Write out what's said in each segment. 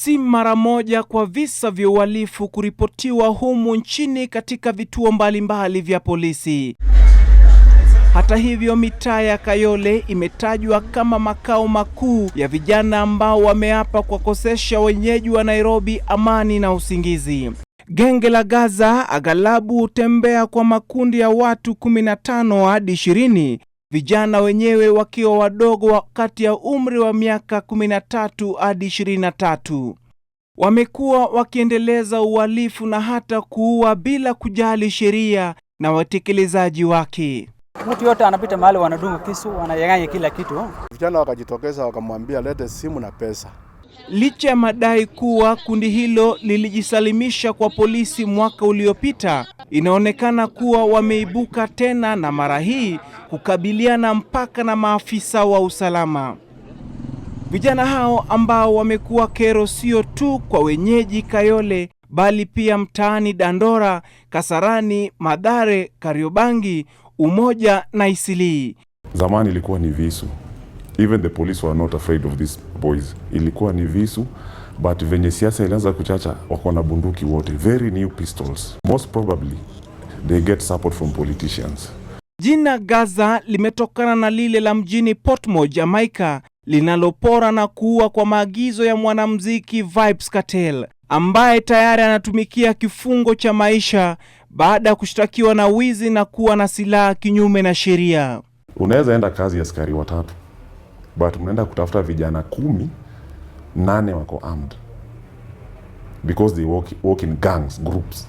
Si mara moja kwa visa vya uhalifu kuripotiwa humu nchini katika vituo mbalimbali vya polisi. Hata hivyo, mitaa ya Kayole imetajwa kama makao makuu ya vijana ambao wameapa kwa kosesha wenyeji wa Nairobi amani na usingizi. Genge la Gaza aghalabu hutembea kwa makundi ya watu 15 hadi 20 vijana wenyewe wakiwa wadogo kati ya umri wa miaka 13 hadi 23. Wamekuwa wakiendeleza uhalifu na hata kuua bila kujali sheria na watekelezaji wake. Mtu yote anapita mahali, wanadunga kisu, wananyang'anya kila kitu. Vijana wakajitokeza wakamwambia, lete simu na pesa. Licha ya madai kuwa kundi hilo lilijisalimisha kwa polisi mwaka uliopita, Inaonekana kuwa wameibuka tena na mara hii kukabiliana mpaka na maafisa wa usalama. Vijana hao ambao wamekuwa kero sio tu kwa wenyeji Kayole bali pia mtaani Dandora, Kasarani, Madhare, Kariobangi, Umoja na Isilii. Zamani ilikuwa ni visu. Even the police were not afraid of these boys. Ilikuwa ni visu but venye siasa ilianza kuchacha, wako na bunduki wote, very new pistols, most probably they get support from politicians. Jina Gaza limetokana na lile la mjini Portmore, Jamaica, linalopora na kuua kwa maagizo ya mwanamuziki Vybz Kartel ambaye tayari anatumikia kifungo cha maisha baada ya kushtakiwa na wizi na kuwa na silaha kinyume na sheria. Unaweza enda kazi ya askari watatu, but mnaenda kutafuta vijana kumi nane wako armed because they walk, walk in gangs groups.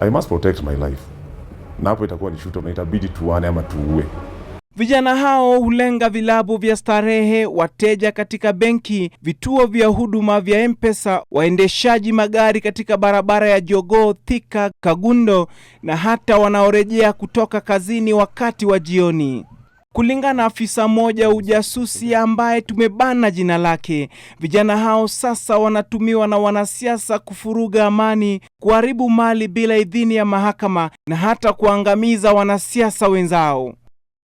I must protect my life, na hapo itakuwa ni shoot na itabidi tuane ama tuue. Vijana hao hulenga vilabu vya starehe, wateja katika benki, vituo vya huduma vya M-Pesa, waendeshaji magari katika barabara ya Jogoo, Thika, Kagundo na hata wanaorejea kutoka kazini wakati wa jioni. Kulingana na afisa mmoja ujasusi ambaye tumebana jina lake, vijana hao sasa wanatumiwa na wanasiasa kufuruga amani, kuharibu mali bila idhini ya mahakama na hata kuangamiza wanasiasa wenzao.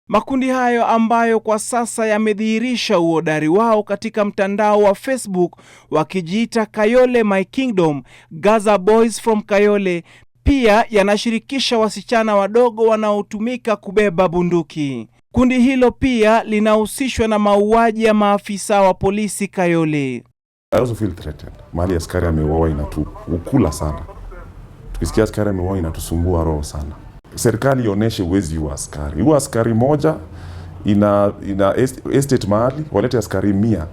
Makundi hayo ambayo kwa sasa yamedhihirisha uhodari wao katika mtandao wa Facebook wakijiita Kayole My Kingdom, Gaza Boys from Kayole, pia yanashirikisha wasichana wadogo wanaotumika kubeba bunduki. Kundi hilo pia linahusishwa na mauaji ya maafisa wa polisi Kayole. I also feel threatened. Mali askari ameuawa inatukula sana, tukisikia askari ameuawa inatusumbua roho sana. Serikali ionyeshe uwezi wa askari, huwa askari moja ina, ina estate mahali walete askari mia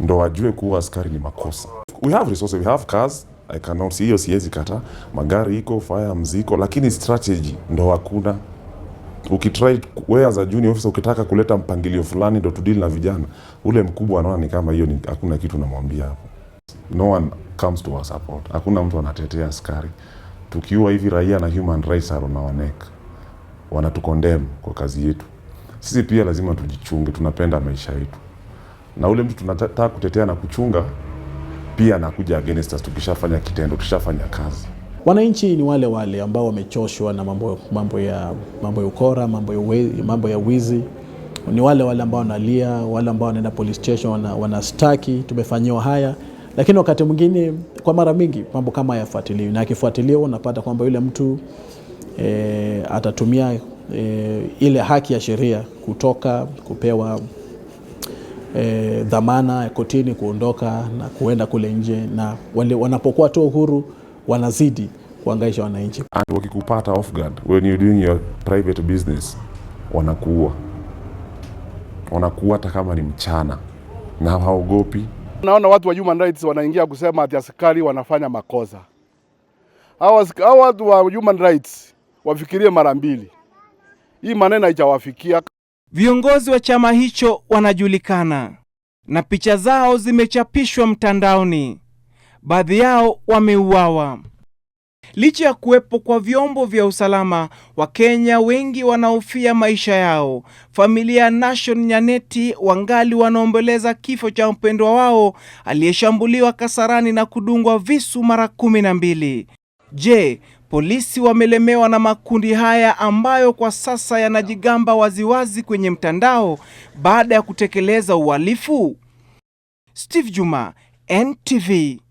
ndo wajue kuwa askari ni makosa. We have resources, we have cars. I cannot see hiyo, siwezi kata magari iko fire mziko, lakini strategy ndo hakuna ukitry wewe as a junior officer ukitaka kuleta mpangilio fulani ndo tudili na vijana, ule mkubwa anaona ni kama hiyo hakuna kitu namwambia hapo. No one comes to our support, hakuna mtu anatetea askari. Tukiua hivi raia na human rights are on our neck, wanatukondem kwa kazi yetu. Sisi pia lazima tujichunge, tunapenda maisha yetu, na ule mtu tunataka kutetea na kuchunga pia anakuja against us tukishafanya kitendo, tukishafanya kazi. Wananchi ni wale wale ambao wamechoshwa na mambo, mambo, ya, mambo ya ukora, mambo ya, we, mambo ya wizi. Ni wale wale ambao wanalia, wale ambao wanaenda police station wanastaki, wana tumefanyiwa haya, lakini wakati mwingine, kwa mara mingi mambo kama hayafuatiliwi, na akifuatiliwa unapata kwamba yule mtu e, atatumia e, ile haki ya sheria kutoka kupewa e, dhamana kotini, kuondoka na kuenda kule nje, na wale, wanapokuwa tu uhuru wanazidi kuangaisha wananchi. And wakikupata off guard when you doing your private business, wanakuwa wanakuwa hata kama ni mchana na haogopi. Naona watu wa human rights wanaingia kusema ati askari wanafanya makosa. Hao watu wa human rights wafikirie mara mbili, hii maneno haijawafikia. Viongozi wa chama hicho wanajulikana na picha zao zimechapishwa mtandaoni baadhi yao wameuawa. Licha ya kuwepo kwa vyombo vya usalama, Wakenya wengi wanahofia maisha yao. Familia ya Nashon Nyaneti wangali wanaomboleza kifo cha mpendwa wao aliyeshambuliwa Kasarani na kudungwa visu mara kumi na mbili. Je, polisi wamelemewa na makundi haya ambayo kwa sasa yanajigamba waziwazi kwenye mtandao baada ya kutekeleza uhalifu? Steve Juma, NTV.